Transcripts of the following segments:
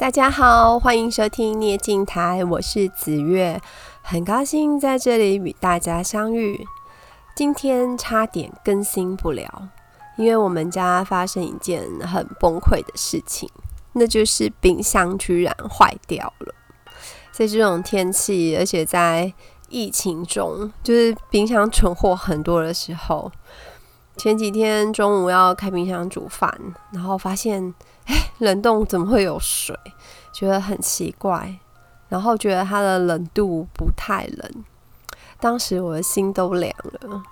大家好，歡迎收聽捏鏡台，我是紫玥，很高興在這裡與大家相遇。今天差點更新不了，因為我們家發生一件很崩潰的事情，那就是冰箱居然壞掉了。在這種天氣，而且在疫情中，就是冰箱存貨很多的時候。前幾天中午要開冰箱煮飯，然後發現，哎、欸，冷凍怎麼會有水？覺得很奇怪，然後覺得它的冷度不太冷，當時我的心都涼了。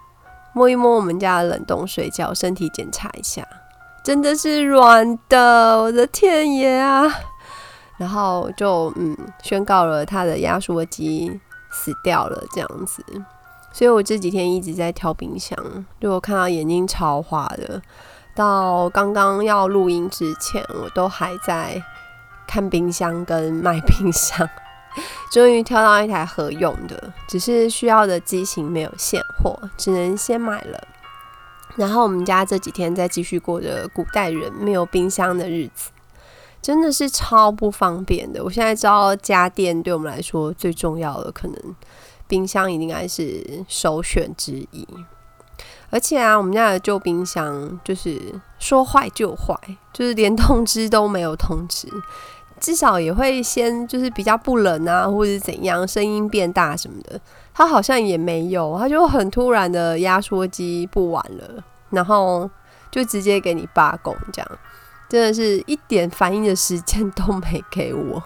摸一摸我們家的冷凍水餃，身體檢查一下，真的是軟的，我的天爺啊！然後就嗯，宣告了它的壓縮機死掉了，這樣子。所以我這幾天一直在挑冰箱，就我看到眼睛超花的。到剛剛要錄音之前，我都還在看冰箱跟賣冰箱。終於挑到一台合用的，只是需要的機型沒有現貨，只能先買了。然後我們家這幾天在繼續過着古代人沒有冰箱的日子，真的是超不方便的。我現在知道家電對我們來說最重要的可能。冰箱應該是首選之一，而且啊，我們家的舊冰箱就是說壞就壞，就是連通知都沒有通知，至少也會先就是比較不冷啊，或者怎樣，聲音變大什麼的，它好像也沒有，它就很突然的壓縮機不玩了，然後就直接給你罷工，這樣真的是一點反應的時間都沒給我。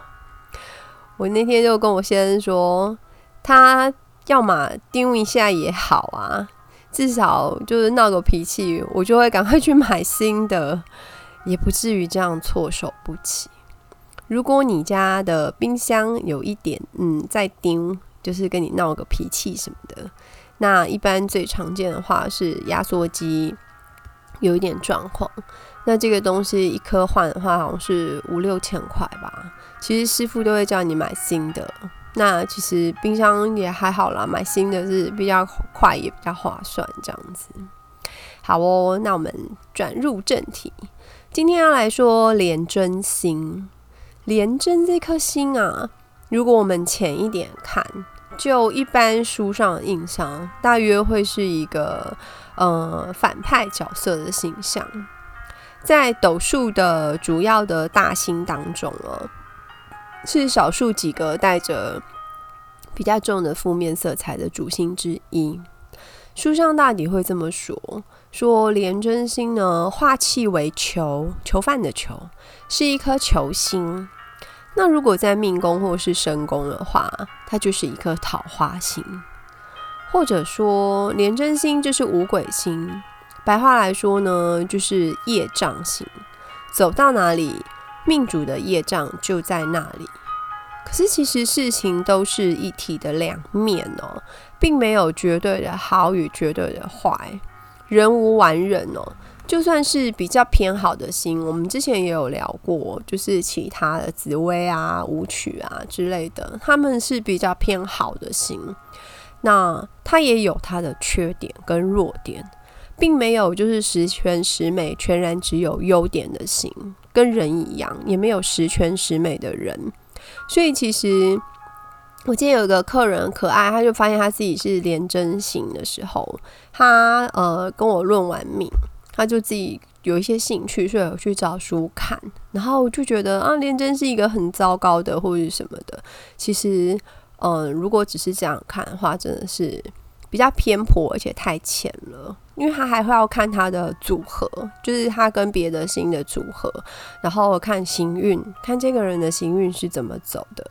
我那天就跟我先生說。他要麼叮一下也好啊，至少就是鬧個脾氣，我就會趕快去買新的，也不至於這樣措手不及。如果你家的冰箱有一點嗯在叮，就是跟你鬧個脾氣什麼的，那一般最常見的話是壓縮機有一點狀況。那這個東西一顆換的話，好像是五六千塊吧。其實師傅都會叫你買新的。那其實冰箱也還好啦，買新的是比較快也比較划算，這樣子。好哦，那我們轉入正題，今天要來說廉貞星。廉貞這顆星啊，如果我們淺一點看，就一般書上的印象，大約會是一個呃反派角色的形象，在斗數的主要的大星當中哦、啊。是少數幾個帶着比較重的負面色彩的主星之一。書上大抵會這麼說：說廉貞星呢，化氣為囚，囚犯的囚，是一顆囚星。那如果在命宮或是身宮的話，它就是一顆桃花星，或者說廉貞星就是五鬼星。白話來說呢，就是業障星，走到哪裡。命主的業障就在那裡，可是其實事情都是一體的兩面哦，並沒有絕對的好與絕對的壞。人無完人哦，就算是比較偏好的星，我們之前也有聊過，就是其他的紫微啊、武曲啊之類的，他們是比較偏好的星，那他也有他的缺點跟弱點。並沒有就是十全十美，全然只有優點的星，跟人一樣也沒有十全十美的人，所以其實我今天有一個客人可愛，他就發現他自己是廉貞星的時候，他呃跟我論完命，他就自己有一些興趣，所以我去找書看，然後就覺得啊，廉貞是一個很糟糕的或者什麼的。其實嗯、呃、如果只是這樣看的話，真的是。比較偏頗，而且太淺了，因為他還會要看他的組合，就是他跟別的星的組合，然後看行運，看這個人的行運是怎麼走的，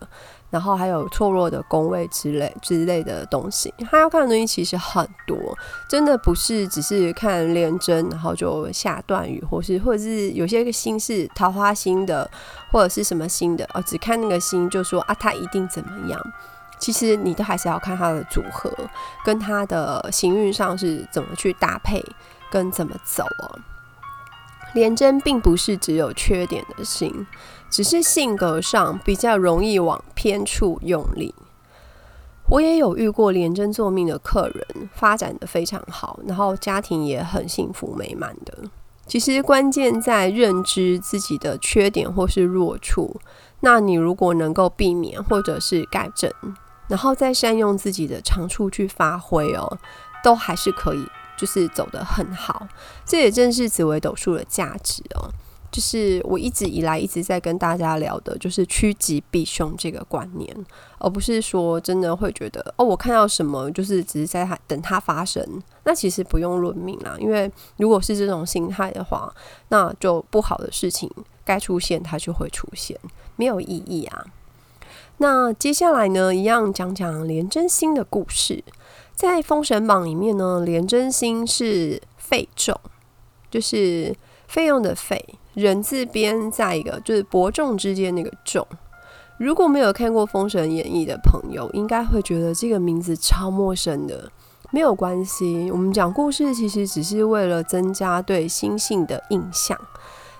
然後還有錯落的宮位之類之類的東西，他要看的東西其實很多，真的不是只是看廉貞，然後就下斷語，或是或者是有些個星是桃花星的，或者是什麼星的哦、啊，只看那個星就說啊，他一定怎麼樣。其實你都還是要看他的組合跟他的行運上是怎麼去搭配跟怎麼走哦、啊。廉貞並不是只有缺點的星，只是性格上比較容易往偏處用力。我也有遇過廉貞坐命的客人，發展得非常好，然後家庭也很幸福美滿的。其實關鍵在認知自己的缺點或是弱處，那你如果能夠避免或者是改正。然後再善用自己的長處去發揮哦，都還是可以，就是走得很好。這也正是紫微斗數的價值哦，就是我一直以來一直在跟大家聊的，就是趨吉避凶這個觀念，而不是說真的會覺得哦，我看到什麼就是只是在等它發生。那其實不用論命啦，因為如果是這種心態的話，那就不好的事情該出現它就會出現，沒有意義啊。那接下來呢，一樣講講廉貞星的故事。在《封神榜》裡面呢，廉貞星是費仲，就是費用的費，人字邊再一個就是伯仲之間那個仲。如果沒有看過《封神演義》的朋友，應該會覺得這個名字超陌生的。沒有關係，我們講故事其實只是為了增加對星性的印象，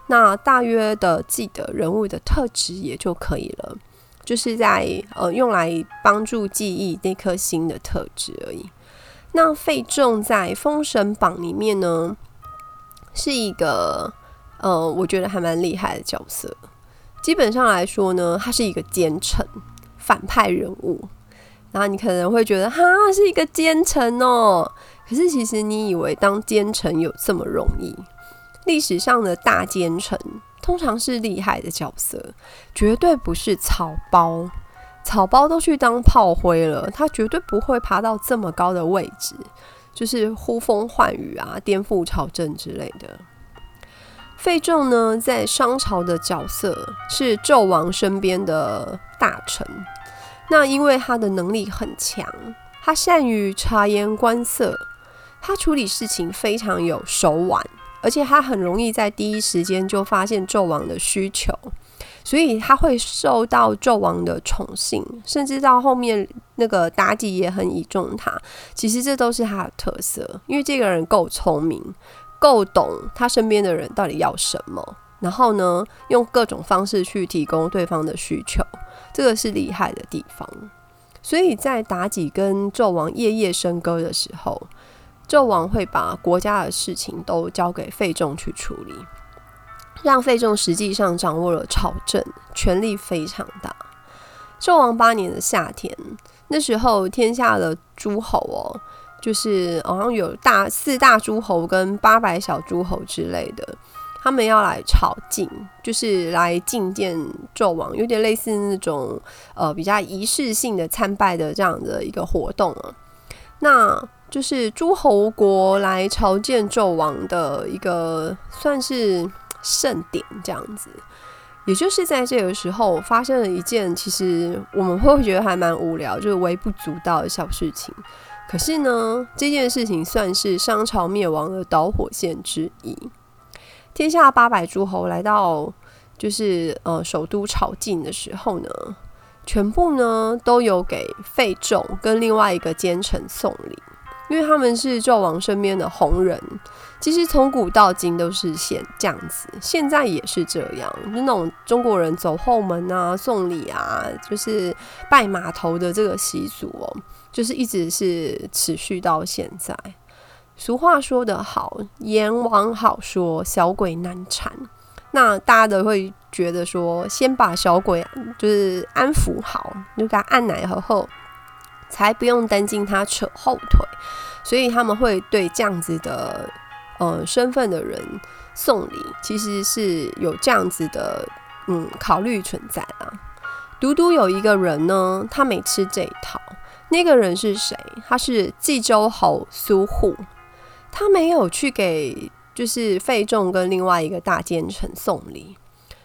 那大約的記得人物的特質也就可以了。就是在呃用來幫助記憶那顆星的特質而已。那費仲在《封神榜》裡面呢，是一個呃，我覺得還蠻厲害的角色。基本上來說呢，他是一個奸臣、反派人物。然後你可能會覺得哈，是一個奸臣哦、喔，可是其實你以為當奸臣有這麼容易？歷史上的大奸臣。通常是厲害的角色，絕對不是草包。草包都去當炮灰了，他絕對不會爬到這麼高的位置，就是呼風喚雨啊，顛覆朝政之類的。費仲呢，在商朝的角色是紂王身邊的大臣。那因為他的能力很強，他善於察言觀色，他處理事情非常有手腕。而且他很容易在第一時間就發現紂王的需求，所以他會受到紂王的寵幸，甚至到後面那個妲己也很倚重他。其實這都是他的特色，因為這個人夠聰明，夠懂他身邊的人到底要什麼，然後呢，用各種方式去提供對方的需求，這個是厲害的地方。所以在妲己跟紂王夜夜笙歌的時候，紂王會把國家的事情都交給費仲去處理，讓費仲實際上掌握了朝政，權力非常大。紂王八年的夏天，那時候天下的諸侯哦，就是好像、哦、有大四大諸侯跟八百小諸侯之類的，他們要來朝覲，就是來覲見紂王，有點類似那種呃比較儀式性的參拜的這樣的一個活動啊。那就是諸侯國來朝見紂王的一個算是盛典，這樣子，也就是在這個時候發生了一件其實我們會覺得還蠻無聊，就是微不足道的小事情。可是呢，這件事情算是商朝滅亡的導火線之一。天下八百諸侯來到，就是呃首都朝覲的時候呢，全部呢都有給費仲跟另外一個奸臣送禮。因為他們是紂王身邊的紅人，其實從古到今都是現這樣子，現在也是這樣，就那種中國人走後門啊、送禮啊，就是拜碼頭的這個習俗哦，就是一直是持續到現在。俗話說得好，閻王好說，小鬼難纏。那大家都會覺得說，先把小鬼就是安撫好，就給他按奶和後。才不用擔心他扯後腿，所以他們會對這樣子的呃身份的人送禮，其實是有這樣子的嗯考慮存在啊。獨獨有一個人呢，他沒吃這一套。那個人是誰？他是冀州侯蘇護，他沒有去給就是費仲跟另外一個大奸臣送禮。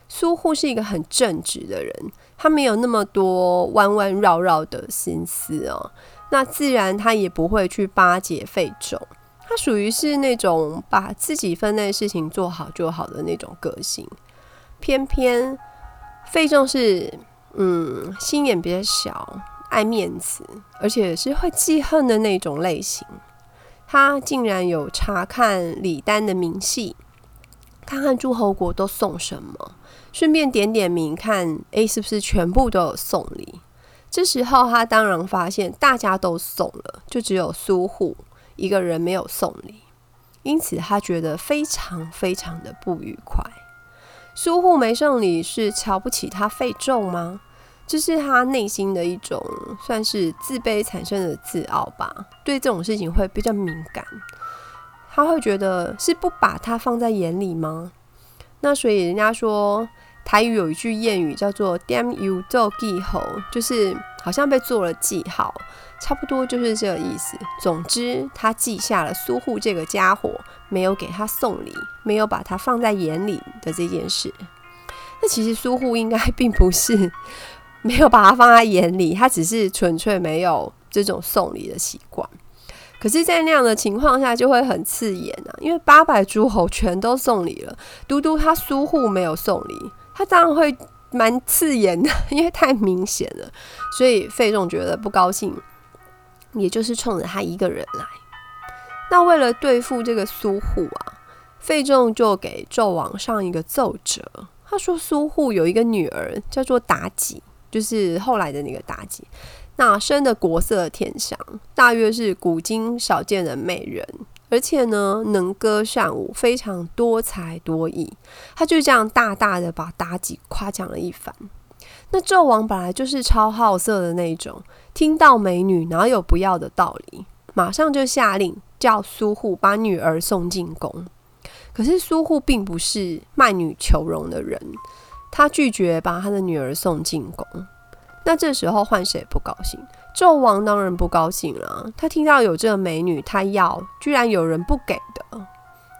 蘇護是一個很正直的人。他沒有那麼多彎彎繞繞的心思哦，那自然他也不會去巴結費仲。他屬於是那種把自己分內事情做好就好的那種個性。偏偏費仲是嗯心眼比較小，愛面子，而且是會記恨的那種類型。他竟然有查看禮單的明細，看看諸侯國都送什麼。順便點點名看，看、欸、A 是不是全部都有送禮。這時候他當然發現大家都送了，就只有蘇護一個人沒有送禮，因此他覺得非常非常的不愉快。蘇護沒送禮是瞧不起他費仲嗎？這是他內心的一種算是自卑產生的自傲吧。對這種事情會比較敏感，他會覺得是不把他放在眼裡嗎？那所以人家說。台語有一句諺語叫做 “damn you 做記號”，就是好像被做了記號，差不多就是這個意思。總之，他記下了蘇護這個家伙沒有給他送禮、沒有把他放在眼裡的這件事。那其實蘇護應該並不是沒有把他放在眼裡，他只是純粹沒有這種送禮的習慣。可是，在那樣的情況下，就會很刺眼啊，因為八百諸侯全都送禮了，嘟嘟他蘇護沒有送禮。他當然會蠻刺眼的，因為太明顯了，所以費仲覺得不高興，也就是衝着他一個人來。那為了對付這個蘇護啊，費仲就給紂王上一個奏折，他說蘇護有一個女兒叫做妲己，就是後來的那個妲己，那生的國色的天香，大約是古今少見的美人。而且呢，能歌善舞，非常多才多藝，他就這樣大大的把妲己誇獎了一番。那紂王本來就是超好色的那種，聽到美女哪有不要的道理，馬上就下令叫蘇護把女兒送進宮。可是蘇護並不是賣女求榮的人，他拒絕把他的女兒送進宮。那這時候換誰不高興？紂王當然不高興了，他聽到有這個美女，他要居然有人不給的，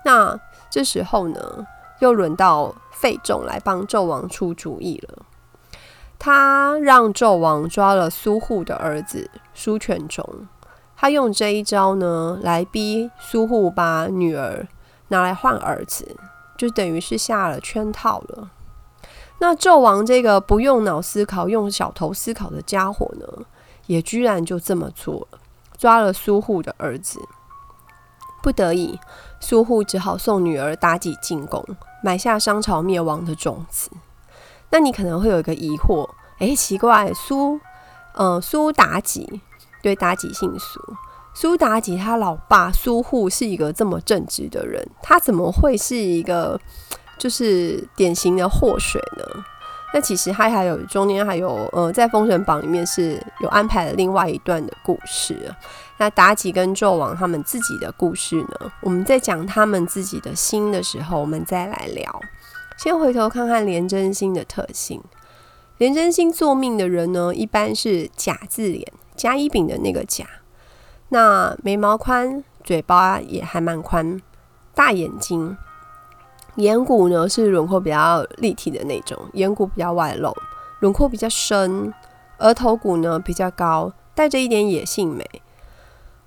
那這時候呢，又輪到費仲來幫紂王出主意了。他讓紂王抓了蘇護的兒子蘇全忠，他用這一招呢，來逼蘇護把女兒拿來換兒子，就等於是下了圈套了。那紂王這個不用腦思考、用小頭思考的家伙呢，也居然就這麼做了，抓了蘇護的兒子。不得已，蘇護只好送女兒妲己進宮，埋下商朝滅亡的種子。那你可能會有一個疑惑，哎，奇怪、欸，蘇，呃、蘇妲己對，妲己姓蘇，蘇妲己她老爸蘇護是一個這麼正直的人，他怎麼會是一個就是典型的禍水呢？那其實它還，還有中間還有呃，在封神榜裡面是有安排了另外一段的故事。那妲己跟紂王他們自己的故事呢，我們在講他們自己的心的時候，我們再來聊。先回頭看看廉貞星的特性，廉貞星坐命的人呢，一般是甲字臉，甲乙丙的那個甲。那眉毛寬，嘴巴也還蠻寬，大眼睛。眼骨呢是輪廓比較立體的那種，眼骨比較外露，輪廓比較深，額頭骨呢比較高，帶着一點野性美。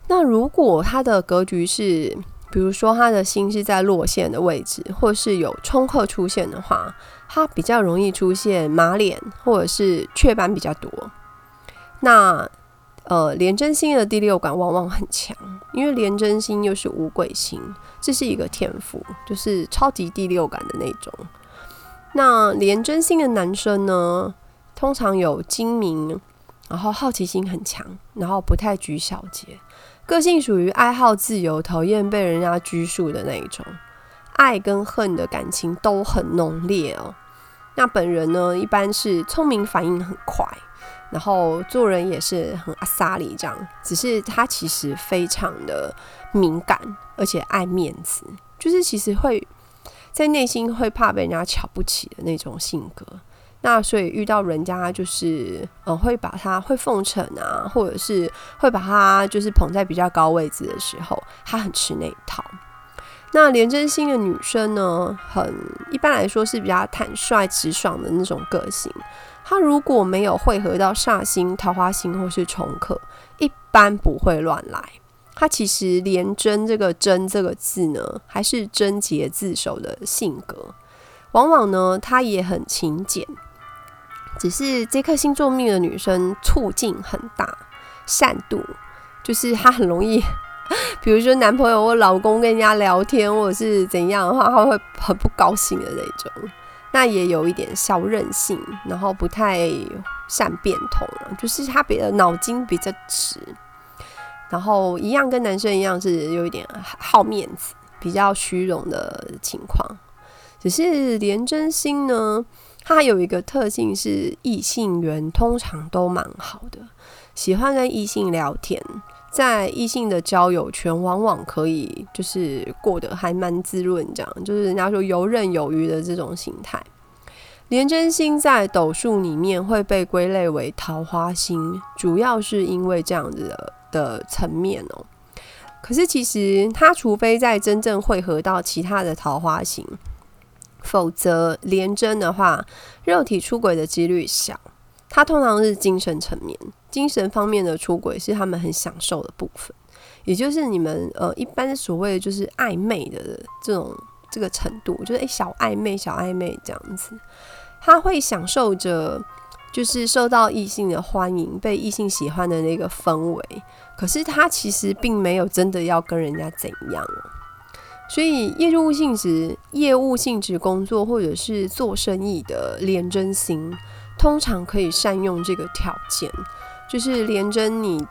那如果他的格局是，比如說他的心是在落陷的位置，或是有衝克出現的話，他比較容易出現馬臉，或者是雀斑比較多。那呃，廉貞星的第六感往往很強，因為廉貞星又是五鬼星，這是一個天賦，就是超級第六感的那種。那廉貞星的男生呢，通常有精明，然後好奇心很強，然後不太拘小節，個性屬於愛好自由、討厭被人家拘束的那一種，愛跟恨的感情都很濃烈哦。那本人呢，一般是聰明、反應很快，然後做人也是很阿莎力這樣。只是他其實非常的敏感，而且愛面子，就是其實會在內心會怕被人家瞧不起的那種性格。那所以遇到人家就是，呃、嗯，會把他會奉承啊，或者是會把他就是捧在比較高位置的時候，他很吃那一套。那廉貞星的女生呢，很，一般來說是比較坦率直爽的那種個性。她如果沒有匯合到煞星、桃花星或是重克，一般不會亂來。她其實廉貞這個貞這個字呢，還是貞潔自守的性格。往往呢，她也很勤儉。只是這顆星坐命的女生，促進很大，善妒，就是她很容易。 比如說，男朋友或老公跟人家聊天，或是怎樣的話，他會很不高興的那種。那也有一點小任性，然後不太善變通，就是他別的腦筋比較直，然後一樣跟男生一樣是有一點好面子，比較虛榮的情況。只是廉貞星呢，他有一個特性是異性緣通常都蠻好的，喜歡跟異性聊天。在異性的交友圈，往往可以就是過得還蠻滋潤，這樣就是人家說游刃有餘的這種形態。廉貞星在斗數裡面會被歸類為桃花星，主要是因為這樣子的的層面哦、喔。可是其實他除非在真正會合到其他的桃花星，否則廉貞的話，肉體出軌的幾率小。他通常是精神層面、精神方面的出軌是他們很享受的部分，也就是你們呃一般的所謂的就是曖昧的這種這個程度，就是誒、欸、小曖昧、小曖昧這樣子。他會享受着就是受到異性的歡迎、被異性喜歡的那個氛圍，可是他其實並沒有真的要跟人家怎樣。所以業務性質、業務性質工作或者是做生意的廉貞星，通常可以善用這個條件，就是廉貞你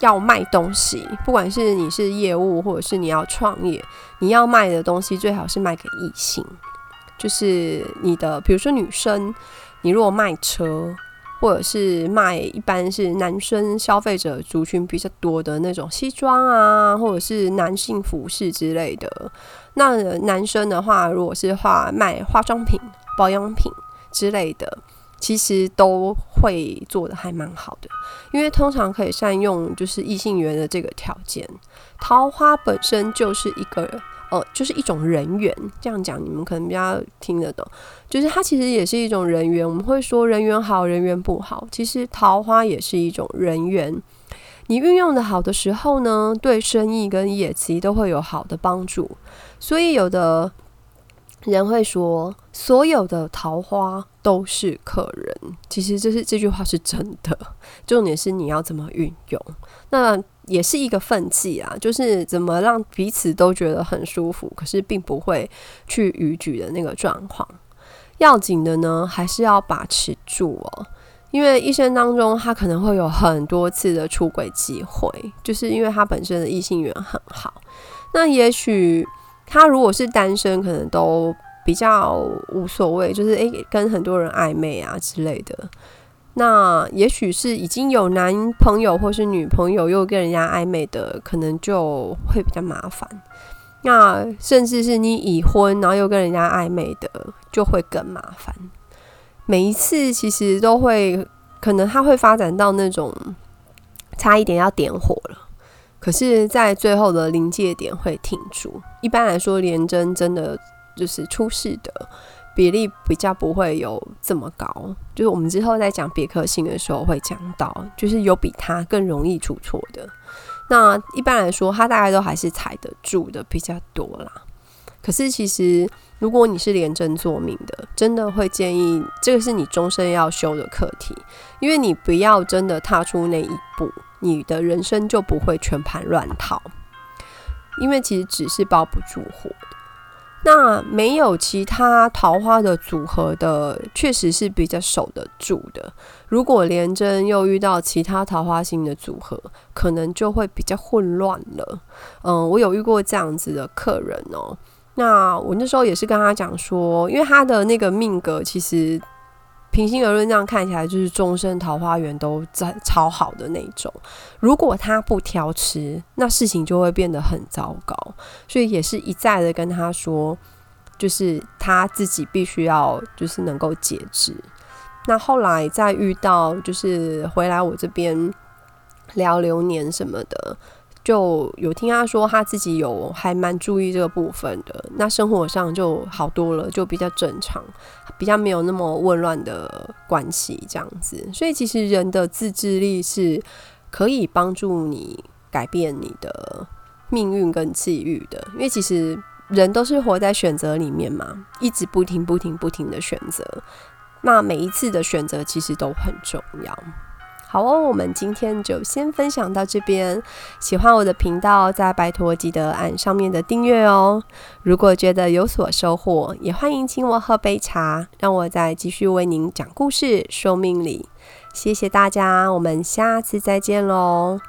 要賣東西，不管是你是業務或者是你要創業，你要賣的東西最好是賣給異性，就是你的，比如說女生，你如果賣車，或者是賣一般是男生消費者族群比較多的那種西裝啊，或者是男性服飾之類的。那男生的話，如果是話賣化妝品、保養品之類的。其實都會做得還蠻好的，因為通常可以善用就是異性緣的這個條件。桃花本身就是一個，呃，就是一種人緣。這樣講你們可能比較聽得懂，就是它其實也是一種人緣。我們會說人緣好，人緣不好，其實桃花也是一種人緣。你運用得好的時候呢，對生意跟業績都會有好的幫助。所以有的人會說，所有的桃花，都是客人，其實這是這句話是真的。重點是你要怎麼運用，那也是一個分際啊，就是怎麼讓彼此都覺得很舒服，可是並不會去逾矩的那個狀況。要緊的呢，還是要把持住哦，因為一生當中他可能會有很多次的出軌機會，就是因為他本身的異性緣很好。那也許他如果是單身，可能都。比較無所謂，就是誒、欸、跟很多人曖昧啊之類的。那也許是已經有男朋友或是女朋友，又跟人家曖昧的，可能就會比較麻煩。那甚至是你已婚，然後又跟人家曖昧的，就會更麻煩。每一次其實都會，可能他會發展到那種差一點要點火了，可是在最後的臨界點會挺住。一般來說，廉貞真的。就是出事的比例比較不會有這麼高，就是我們之後在講別克星的時候會講到，就是有比它更容易出錯的。那一般來說，它大概都還是踩得住的比較多啦。可是其實，如果你是廉貞坐命的，真的會建議，這個是你終身要修的課題，因為你不要真的踏出那一步，你的人生就不會全盤亂套。因為其實紙是包不住火的。那沒有其他桃花的組合的，確實是比較守得住的。如果廉貞又遇到其他桃花星的組合，可能就會比較混亂了。嗯，我有遇過這樣子的客人哦、喔。那我那時候也是跟他講說，因為他的那個命格其實。平心而論，這樣看起來就是眾生桃花源都在超好的那種。如果他不挑吃，那事情就會變得很糟糕。所以也是一再的跟他說，就是他自己必須要就是能夠節制。那後來再遇到就是回來我這邊聊流年什麼的。就有聽他說他自己有還蠻注意這個部分的，那生活上就好多了，就比較正常，比較沒有那麼混亂的關係這樣子。所以其實人的自制力是可以幫助你改變你的命運跟際遇的，因為其實人都是活在選擇裡面嘛，一直不停不停不停的選擇，那每一次的選擇其實都很重要。好哦，我們今天就先分享到這邊。喜歡我的頻道，再拜托記得按上面的訂閱哦。如果覺得有所收穫，也歡迎請我喝杯茶，讓我再繼續為您講故事說命理。謝謝大家，我們下次再見嘍。